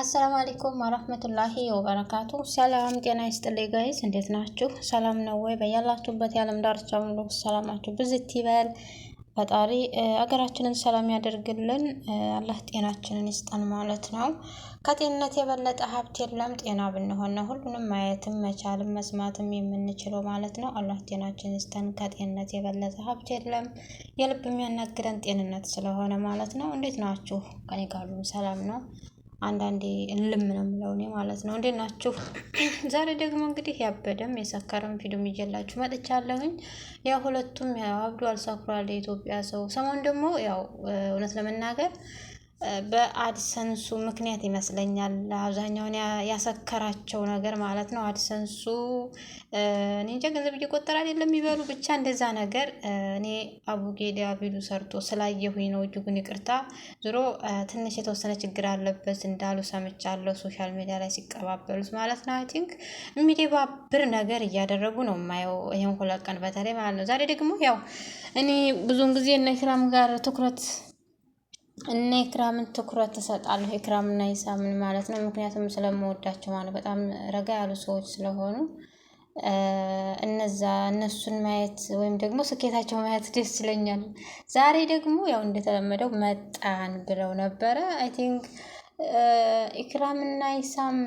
አሰላሙ አለይኩም ወራህመቱላሂ ወበረካቱ። ሰላም ጤና ይስጥልኝ ጋይስ፣ እንዴት ናችሁ? ሰላም ነው ወይ? በያላችሁበት የዓለም ዳርቻ ሁሉ ሰላማችሁ ብዝት ይበል። ፈጣሪ አገራችንን ሰላም ያደርግልን። አላህ ጤናችንን ይስጠን ማለት ነው። ከጤንነት የበለጠ ሀብት የለም። ጤና ብንሆን ነው ሁሉንም ማየትም መቻልም መስማትም የምንችለው ማለት ነው። አላህ ጤናችን ይስጠን። ከጤንነት የበለጠ ሀብት የለም። የልብ የሚያናግረን ጤንነት ስለሆነ ማለት ነው። እንዴት ናችሁ? ቀኔ ጋሉም ሰላም ነው አንዳንዴ እልም ነው የምለው እኔ ማለት ነው። እንዴት ናችሁ? ዛሬ ደግሞ እንግዲህ ያበደም የሰከረም እየላችሁ ይዤላችሁ መጥቻለሁኝ። ያው ሁለቱም ያው አብዱ አልሳኩራል የኢትዮጵያ ሰው። ሰሞን ደግሞ ያው እውነት ለመናገር በአድሰንሱ ምክንያት ይመስለኛል አብዛኛውን ያሰከራቸው ነገር ማለት ነው። አድሰንሱ እኔ እንጃ ገንዘብ እየቆጠረ አይደለም የሚበሉ ብቻ እንደዛ ነገር እኔ አቡጌዳ ቢሉ ሰርቶ ስላየሁኝ ነው እጅጉን ይቅርታ። ዞሮ ትንሽ የተወሰነ ችግር አለበት እንዳሉ ሰምቻለሁ፣ ሶሻል ሚዲያ ላይ ሲቀባበሉት ማለት ነው። አይ ቲንክ የሚደባብር ነገር እያደረጉ ነው የማየው ይህን ሁለት ቀን በተለይ ማለት ነው። ዛሬ ደግሞ ያው እኔ ብዙውን ጊዜ እነ ኢክራም ጋር ትኩረት እና የክራምን ትኩረት ትሰጣለሁ። ኢክራምና ሂሳምን ማለት ነው። ምክንያቱም ስለምወዳቸው ማለት በጣም ረጋ ያሉ ሰዎች ስለሆኑ እነዛ እነሱን ማየት ወይም ደግሞ ስኬታቸው ማየት ደስ ይለኛል። ዛሬ ደግሞ ያው እንደተለመደው መጣን ብለው ነበረ። አይ ቲንክ ኢክራምና ሂሳም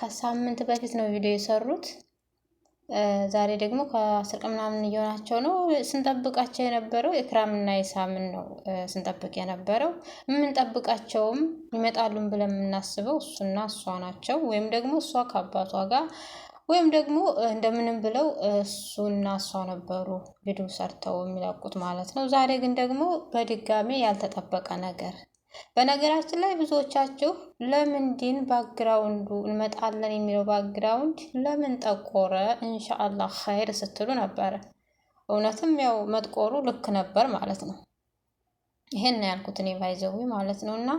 ከሳምንት በፊት ነው ቪዲዮ የሰሩት። ዛሬ ደግሞ ከአስር ቀን ምናምን እየሆናቸው ነው። ስንጠብቃቸው የነበረው የክራምና የሳምን ነው ስንጠብቅ የነበረው። የምንጠብቃቸውም ይመጣሉን ብለን የምናስበው እሱና እሷ ናቸው። ወይም ደግሞ እሷ ከአባቷ ጋር ወይም ደግሞ እንደምንም ብለው እሱና እሷ ነበሩ ቪዲዮ ሰርተው የሚለቁት ማለት ነው። ዛሬ ግን ደግሞ በድጋሚ ያልተጠበቀ ነገር በነገራችን ላይ ብዙዎቻችሁ ለምንድን ባግራውንዱ እንመጣለን የሚለው ባግራውንድ ለምን ጠቆረ እንሻአላህ ኸይር ስትሉ ነበረ። እውነትም ያው መጥቆሩ ልክ ነበር ማለት ነው። ይሄን ያልኩት እኔ ባይዘዊ ማለት ነው። እና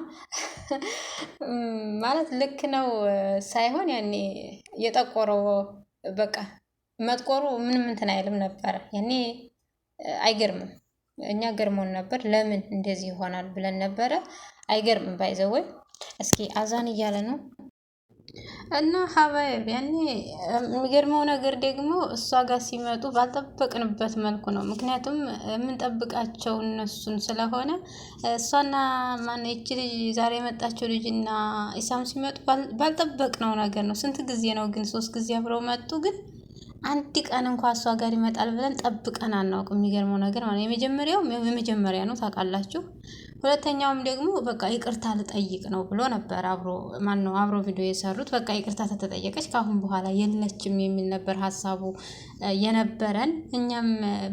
ማለት ልክ ነው ሳይሆን ያኔ የጠቆረው በቃ መጥቆሩ ምንም እንትን አይልም ነበረ ያኔ አይገርምም። እኛ ገርሞን ነበር። ለምን እንደዚህ ይሆናል ብለን ነበረ። አይገርምም። ባይዘወይ እስኪ አዛን እያለ ነው እና ሀባይ ያኔ የሚገርመው ነገር ደግሞ እሷ ጋር ሲመጡ ባልጠበቅንበት መልኩ ነው። ምክንያቱም የምንጠብቃቸው እነሱን ስለሆነ እሷና ማን ይቺ ልጅ ዛሬ የመጣቸው ልጅና ኢሳም ሲመጡ ባልጠበቅነው ነገር ነው። ስንት ጊዜ ነው ግን ሶስት ጊዜ አብረው መጡ ግን አንድ ቀን እንኳ እሷ ጋር ይመጣል ብለን ጠብቀን አናውቅም። የሚገርመው ነገር ማለት የመጀመሪያው የመጀመሪያ ነው ታውቃላችሁ። ሁለተኛውም ደግሞ በቃ ይቅርታ ልጠይቅ ነው ብሎ ነበር። አብሮ ነው አብሮ ቪዲዮ የሰሩት በቃ ይቅርታ ተጠየቀች ከአሁን በኋላ የለችም የሚል ነበር ሀሳቡ የነበረን። እኛም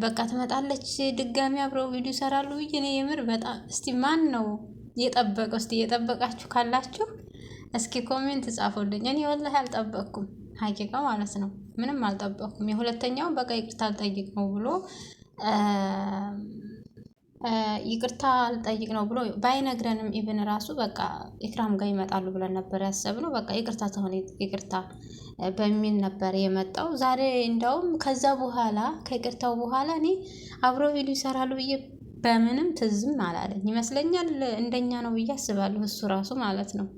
በቃ ትመጣለች ድጋሚ አብሮ ቪዲዮ ይሰራሉ ብዬ እኔ የምር በጣም እስቲ ማን ነው የጠበቀው? እስቲ እየጠበቃችሁ ካላችሁ እስኪ ኮሜንት ጻፉልኝ። እኔ ወላሂ አልጠበቅኩም። ሀቂቃ ማለት ነው። ምንም አልጠበኩም። የሁለተኛው በቃ ይቅርታ አልጠይቅ ነው ብሎ ይቅርታ አልጠይቅ ነው ብሎ ባይነግረንም ኢቭን ራሱ በቃ ኢክራም ጋር ይመጣሉ ብለን ነበር ያሰብነው። በቃ ይቅርታ ተሆነ ይቅርታ በሚል ነበር የመጣው። ዛሬ እንዲያውም ከዛ በኋላ ከይቅርታው በኋላ እኔ አብረው ቪዲዮ ይሰራሉ ብዬ በምንም ትዝም አላለኝ ይመስለኛል። እንደኛ ነው ብዬ አስባለሁ እሱ ራሱ ማለት ነው።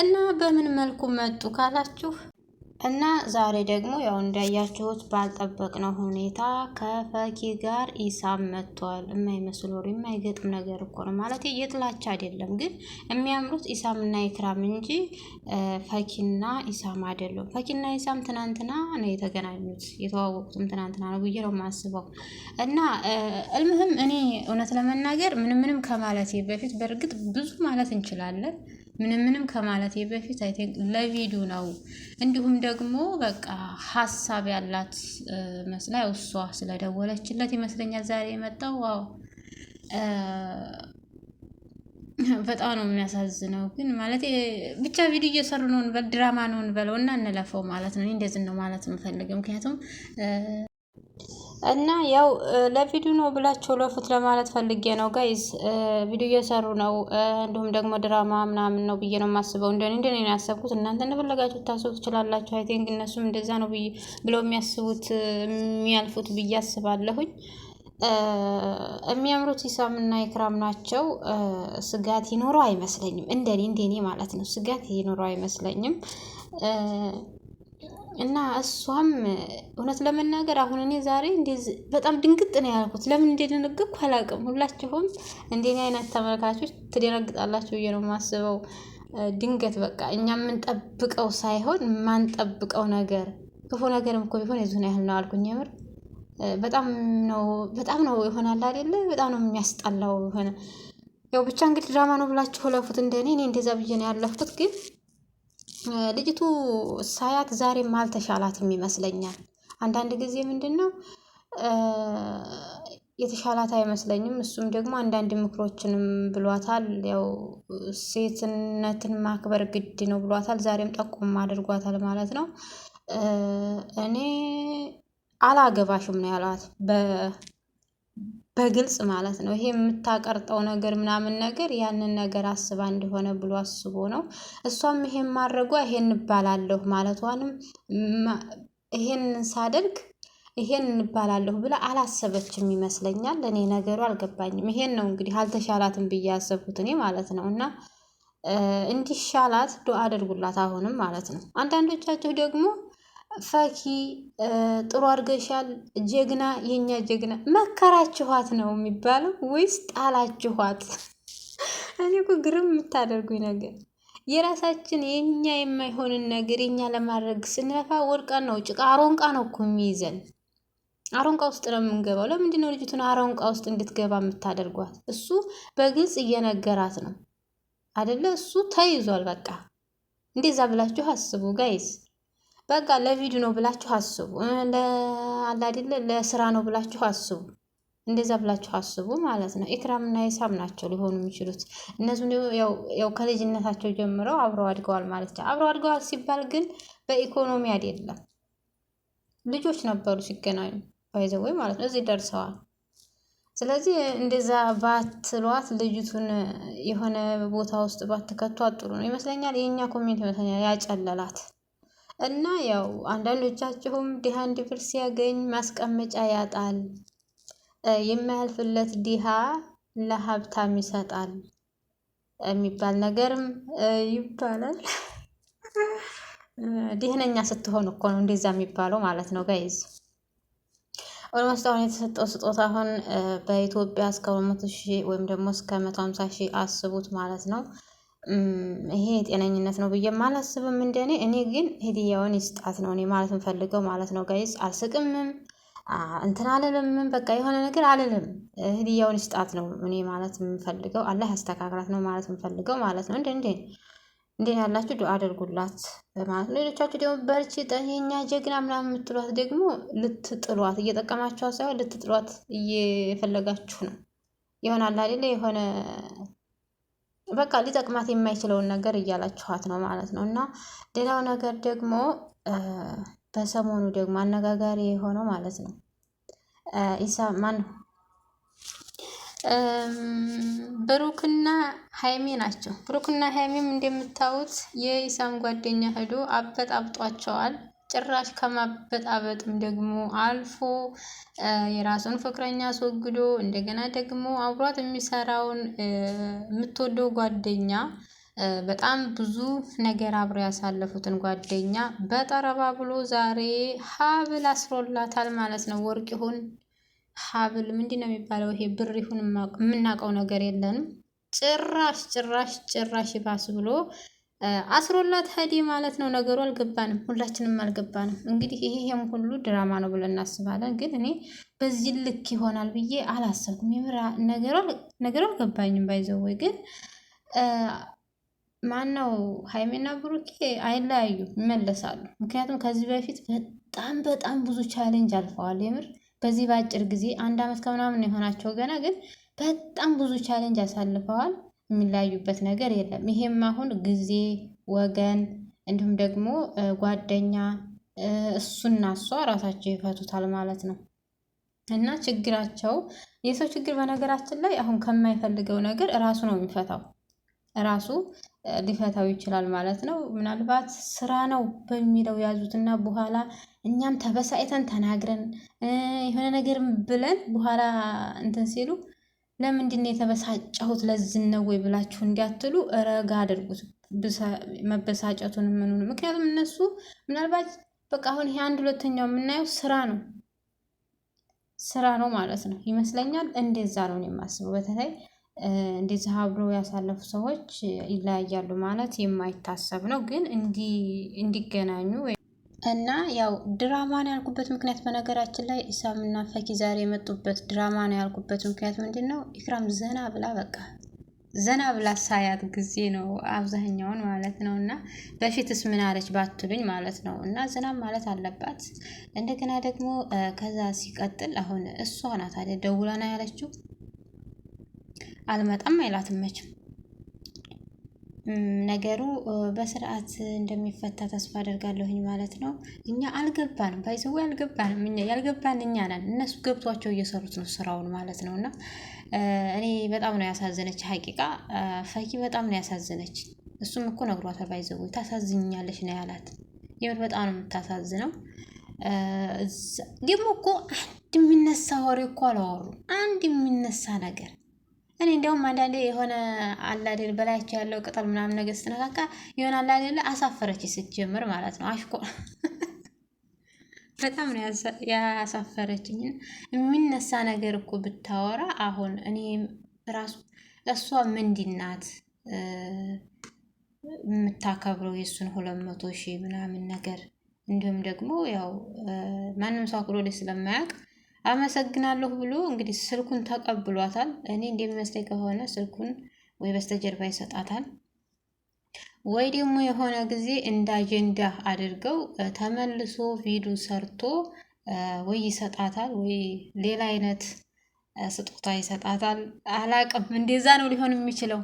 እና በምን መልኩ መጡ ካላችሁ እና ዛሬ ደግሞ ያው እንዳያችሁት ባልጠበቅነው ሁኔታ ከፈኪ ጋር ኢሳም መጥቷል። የማይመስል ወሬ የማይገጥም ነገር እኮ ነው ማለት የጥላቻ አይደለም፣ ግን የሚያምሩት ኢሳም እና ኢክራም እንጂ ፈኪና ኢሳም አይደሉም። ፈኪና ኢሳም ትናንትና ነው የተገናኙት፣ የተዋወቁትም ትናንትና ነው ብዬ ነው የማስበው። እና እልምህም እኔ እውነት ለመናገር ምንም ምንም ከማለቴ በፊት በእርግጥ ብዙ ማለት እንችላለን ምንም ምንም ከማለት በፊት አይ ቲንክ ለቪዲዮ ነው። እንዲሁም ደግሞ በቃ ሀሳብ ያላት መስላ እሷ ስለደወለችለት ይመስለኛል ዛሬ የመጣው። ዋው በጣም ነው የሚያሳዝነው። ግን ማለት ብቻ ቪዲዮ እየሰሩ ነው እንበል፣ ድራማ ነው እንበለው እና እንለፈው ማለት ነው። እንደዚህ ነው ማለት የምፈልገው ምክንያቱም እና ያው ለቪዲዮ ነው ብላችሁ ለፉት ለማለት ፈልጌ ነው ጋይዝ። ቪዲዮ እየሰሩ ነው፣ እንዲሁም ደግሞ ድራማ ምናምን ነው ብዬ ነው የማስበው። እንደኔ እንደኔ ነው ያሰብኩት። እናንተ እንደፈለጋችሁ ታስቡ ትችላላችሁ። አይ ቲንክ እነሱም እንደዛ ነው ብለው የሚያስቡት የሚያልፉት ብዬ አስባለሁኝ። የሚያምሩት ሂሳምና ኢክራም ናቸው። ስጋት ይኖረው አይመስለኝም፣ እንደኔ እንደኔ ማለት ነው። ስጋት ይኖረው አይመስለኝም። እና እሷም እውነት ለመናገር አሁን እኔ ዛሬ በጣም ድንግጥ ነው ያልኩት። ለምን እንደደነገጥኩ አላውቅም። ሁላችሁም እንደኔ አይነት ተመልካቾች ትደነግጣላችሁ ብዬ ነው የማስበው። ድንገት በቃ እኛ የምንጠብቀው ሳይሆን የማንጠብቀው ነገር ክፉ ነገርም እኮ ቢሆን የዚሁን ያህል ነው አልኩኝ። የምር በጣም ነው በጣም ነው ይሆናል አይደለ? በጣም ነው የሚያስጠላው የሆነ ያው ብቻ እንግዲህ ድራማ ነው ብላችሁ ለፉት። እንደኔ እኔ እንደዛ ብዬ ነው ያለፉት ግን ልጅቱ ሳያት ዛሬም አልተሻላትም ይመስለኛል። አንዳንድ ጊዜ ምንድን ነው የተሻላት አይመስለኝም። እሱም ደግሞ አንዳንድ ምክሮችንም ብሏታል። ያው ሴትነትን ማክበር ግድ ነው ብሏታል። ዛሬም ጠቁም አድርጓታል ማለት ነው። እኔ አላገባሽም ነው ያሏት። በግልጽ ማለት ነው። ይሄ የምታቀርጠው ነገር ምናምን ነገር ያንን ነገር አስባ እንደሆነ ብሎ አስቦ ነው። እሷም ይሄን ማድረጓ ይሄን እባላለሁ ማለቷንም ይሄን ሳደርግ ይሄን እባላለሁ ብላ አላሰበችም ይመስለኛል። ለእኔ ነገሩ አልገባኝም። ይሄን ነው እንግዲህ አልተሻላትም ብዬ ያሰብኩት እኔ ማለት ነው። እና እንዲሻላት ዱአ አድርጉላት አሁንም ማለት ነው። አንዳንዶቻችሁ ደግሞ ፈኪ ጥሩ አድርገሻል፣ ጀግና፣ የኛ ጀግና። መከራችኋት ነው የሚባለው ወይስ ጣላችኋት? እኔ እኮ ግርም የምታደርጉኝ ነገር የራሳችን የኛ የማይሆንን ነገር የኛ ለማድረግ ስንለፋ ወድቀን ነው ጭቃ አሮንቃ ነው እኮ የሚይዘን። አሮንቃ ውስጥ ነው የምንገባው። ለምንድን ነው ልጅቱን አሮንቃ ውስጥ እንድትገባ የምታደርጓት? እሱ በግልጽ እየነገራት ነው አደለ? እሱ ተይዟል። በቃ እንደዛ ብላችሁ አስቡ ጋይስ። በቃ ለቪዲዮ ነው ብላችሁ አስቡ። አለ አይደለ ለስራ ነው ብላችሁ አስቡ። እንደዛ ብላችሁ አስቡ ማለት ነው። ኢክራም እና ሂሳብ ናቸው ሊሆኑ የሚችሉት። እነሱም ያው ከልጅነታቸው ጀምረው አብረው አድገዋል ማለት ነው። አብረው አድገዋል ሲባል ግን በኢኮኖሚ አይደለም። ልጆች ነበሩ ሲገናኙ ባይዘወይ ማለት ነው። እዚህ ደርሰዋል። ስለዚህ እንደዛ ባትሏት ልጅቱን የሆነ ቦታ ውስጥ ባትከቷት ጥሩ ነው ይመስለኛል። የእኛ ኮሚኒቲ ይመስለኛል ያጨለላት እና ያው አንዳንዶቻችሁም ድሃ አንድ ብር ሲያገኝ ማስቀመጫ ያጣል፣ የማያልፍለት ድሃ ለሀብታም ይሰጣል የሚባል ነገርም ይባላል። ድህነኛ ስትሆን እኮ ነው እንደዛ የሚባለው ማለት ነው ጋይዝ። ኦልሞስት አሁን የተሰጠው ስጦታ አሁን በኢትዮጵያ እስከ ሁለት መቶ ሺህ ወይም ደግሞ እስከ መቶ ሀምሳ ሺህ አስቡት ማለት ነው። ይሄ ጤነኝነት ነው ብዬ አላስብም። እንደኔ እኔ ግን ሂድያውን ይስጣት ነው እኔ ማለት ንፈልገው ማለት ነው። ጋይስ አልስቅምም፣ እንትን አልልምም፣ በቃ የሆነ ነገር አልልም። ሂድያውን ይስጣት ነው እኔ ማለት የምፈልገው። አላህ ያስተካክላት ነው ማለት የምፈልገው ማለት ነው። እንደ እንደ ያላችሁ ዱ አድርጉላት ማለት ነው። ሌሎቻችሁ ደግሞ በርቺ ጠኛ ጀግና ምናምን የምትሏት ደግሞ ልትጥሏት እየጠቀማችኋት ሳይሆን ልትጥሏት እየፈለጋችሁ ነው የሆነ አይደለ የሆነ በቃ ሊጠቅማት የማይችለውን ነገር እያላችኋት ነው ማለት ነው። እና ሌላው ነገር ደግሞ በሰሞኑ ደግሞ አነጋጋሪ የሆነው ማለት ነው ኢሳ ማን ብሩክና ሀይሚ ናቸው። ብሩክና ሀይሜም እንደምታዩት የኢሳም ጓደኛ ሄዶ አበጣብጧቸዋል። ጭራሽ ከማበጣበጥም ደግሞ አልፎ የራሱን ፍቅረኛ አስወግዶ እንደገና ደግሞ አብሯት የሚሰራውን የምትወደው ጓደኛ በጣም ብዙ ነገር አብረው ያሳለፉትን ጓደኛ በጠረባ ብሎ ዛሬ ሀብል አስሮላታል ማለት ነው። ወርቅ ይሁን ሀብል ምንድን ነው የሚባለው? ይሄ ብር ይሁን የምናውቀው ነገር የለንም። ጭራሽ ጭራሽ ጭራሽ ይባስ ብሎ አስሮላት ሀዲ ማለት ነው። ነገሩ አልገባንም፣ ሁላችንም አልገባንም። እንግዲህ ይሄም ሁሉ ድራማ ነው ብለን እናስባለን። ግን እኔ በዚህ ልክ ይሆናል ብዬ አላሰብኩም። የምራ ነገሩ አልገባኝም። ባይዘው ወይ ግን ማነው ሀይሜና ብሩኬ አይለያዩ ይመለሳሉ። ምክንያቱም ከዚህ በፊት በጣም በጣም ብዙ ቻሌንጅ አልፈዋል። የምር በዚህ በአጭር ጊዜ አንድ አመት ከምናምን የሆናቸው ገና ግን በጣም ብዙ ቻሌንጅ አሳልፈዋል። የሚለያዩበት ነገር የለም። ይሄም አሁን ጊዜ ወገን እንዲሁም ደግሞ ጓደኛ እሱና እሷ ራሳቸው ይፈቱታል ማለት ነው። እና ችግራቸው የሰው ችግር በነገራችን ላይ አሁን ከማይፈልገው ነገር ራሱ ነው የሚፈታው ራሱ ሊፈታው ይችላል ማለት ነው። ምናልባት ስራ ነው በሚለው ያዙትና በኋላ እኛም ተበሳይተን ተናግረን የሆነ ነገር ብለን በኋላ እንትን ሲሉ ለምንድን የተበሳጨሁት ለዝን ነው ወይ ብላችሁ እንዲያትሉ ረጋ አድርጉት መበሳጨቱን ምኑን። ምክንያቱም እነሱ ምናልባት በቃ አሁን ይሄ አንድ ሁለተኛው የምናየው ስራ ነው ስራ ነው ማለት ነው ይመስለኛል። እንደዛ ነው የማስበው። በተለይ እንደዚህ አብረው ያሳለፉ ሰዎች ይለያያሉ ማለት የማይታሰብ ነው፣ ግን እንዲገናኙ እና ያው ድራማ ነው ያልኩበት ምክንያት በነገራችን ላይ እና ፈኪ ዛሬ የመጡበት ድራማ ነው ያልኩበት ምክንያት ምንድን ነው? ኢክራም ዘና ብላ በቃ ዘና ብላ ሳያት ጊዜ ነው አብዛኛውን ማለት ነው። እና በፊትስ ምን አለች ባትሉኝ ማለት ነው። እና ዘና ማለት አለባት። እንደገና ደግሞ ከዛ ሲቀጥል አሁን እሷ ናት አይደል ደውላና ያለችው። አልመጣም አይላትም መቼም ነገሩ በስርዓት እንደሚፈታ ተስፋ አደርጋለሁኝ ማለት ነው። እኛ አልገባንም ባይዘዌ አልገባንም እኛ ያልገባን እኛ ነን እነሱ ገብቷቸው እየሰሩት ነው ስራውን ማለት ነው። እና እኔ በጣም ነው ያሳዘነች ሀቂቃ ፈኪ በጣም ነው ያሳዘነች። እሱም እኮ ነግሯታል ባይዘዌ ታሳዝኛለች ነው ያላት። የምር በጣም ነው የምታሳዝነው። ደግሞ እኮ አንድ የሚነሳ ወሬ እኮ አላወሩም። አንድ የሚነሳ ነገር እኔ እንደውም አንዳንዴ የሆነ አላደል በላያቸው ያለው ቅጠል ምናምን ነገር ስትነካካ የሆነ አላደል አሳፈረች ስትጀምር ማለት ነው። አሽቆ በጣም ነው ያሳፈረችኝ። የሚነሳ ነገር እኮ ብታወራ አሁን እኔ ራሱ እሷ ምንድን የምታከብረው የእሱን ሁለት መቶ ሺህ ምናምን ነገር እንዲሁም ደግሞ ያው ማንም ሰው አክሎ ስለማያውቅ አመሰግናለሁ ብሎ እንግዲህ ስልኩን ተቀብሏታል። እኔ እንደሚመስለኝ ከሆነ ስልኩን ወይ በስተጀርባ ይሰጣታል ወይ ደግሞ የሆነ ጊዜ እንደ አጀንዳ አድርገው ተመልሶ ቪዲዮ ሰርቶ ወይ ይሰጣታል ወይ ሌላ አይነት ስጦታ ይሰጣታል። አላቅም እንደዛ ነው ሊሆን የሚችለው።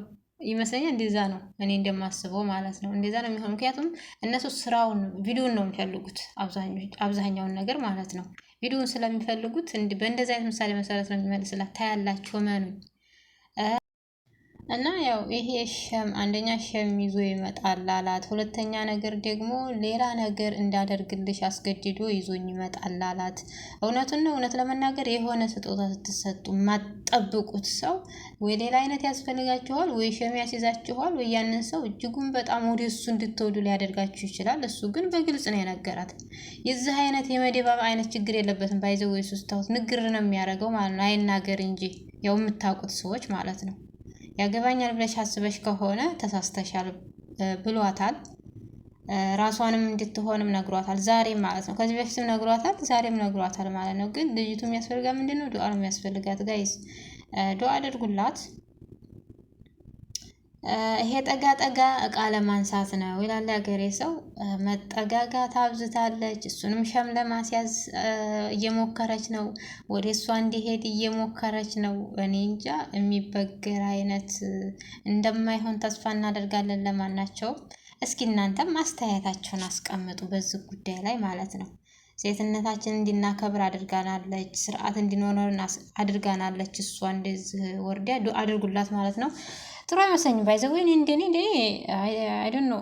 ይመስለኛል እንደዛ ነው እኔ እንደማስበው ማለት ነው። እንደዛ ነው የሚሆን። ምክንያቱም እነሱ ስራውን ቪዲዮን ነው የሚፈልጉት አብዛኛውን ነገር ማለት ነው። ቪዲዮን ስለሚፈልጉት በእንደዚ አይነት ምሳሌ መሰረት ነው የሚመልስላት። ታያላችሁ መኑ እና ያው ይሄ ሸም አንደኛ ሸም ይዞ ይመጣል አላት። ሁለተኛ ነገር ደግሞ ሌላ ነገር እንዳደርግልሽ አስገድዶ ይዞኝ ይመጣል አላት። እውነቱን ነው። እውነት ለመናገር የሆነ ስጦታ ስትሰጡ ማጠብቁት ሰው ወይ ሌላ አይነት ያስፈልጋችኋል፣ ወይ ሸም ያስይዛችኋል፣ ወይ ያንን ሰው እጅጉን በጣም ወደ እሱ እንድትወዱ ሊያደርጋችሁ ይችላል። እሱ ግን በግልጽ ነው የነገራት። የዚህ አይነት የመደባብ አይነት ችግር የለበትም። ባይዘው ወይ ሱስታሁት ንግር ነው የሚያደርገው ማለት ነው። አይናገር እንጂ ያው የምታውቁት ሰዎች ማለት ነው። ያገባኛል ብለሽ አስበሽ ከሆነ ተሳስተሻል ብሏታል። ራሷንም እንድትሆንም ነግሯታል። ዛሬ ማለት ነው። ከዚህ በፊትም ነግሯታል፣ ዛሬም ነግሯታል ማለት ነው። ግን ልጅቱ የሚያስፈልጋ ምንድን ነው? ዱዓ ነው የሚያስፈልጋት። ጋይስ ዱዓ አድርጉላት። ይሄ ጠጋ ጠጋ እቃ ለማንሳት ነው ይላል ሀገሬ ሰው። መጠጋጋት አብዝታለች። እሱንም ሸም ለማስያዝ እየሞከረች ነው፣ ወደ እሷ እንዲሄድ እየሞከረች ነው። እኔ እንጃ የሚበግር አይነት እንደማይሆን ተስፋ እናደርጋለን። ለማናቸው እስኪ እናንተም አስተያየታቸውን አስቀምጡ በዚህ ጉዳይ ላይ ማለት ነው። ሴትነታችን እንዲናከብር አድርጋናለች። ስርዓት እንዲኖረን አድርጋናለች። እሷ እንደዚህ ወርዲያ አድርጉላት ማለት ነው። ጥሩ አይመስለኝም። ባይዘወይን እንደኔ እንደኔ አይ ዶንት ኖ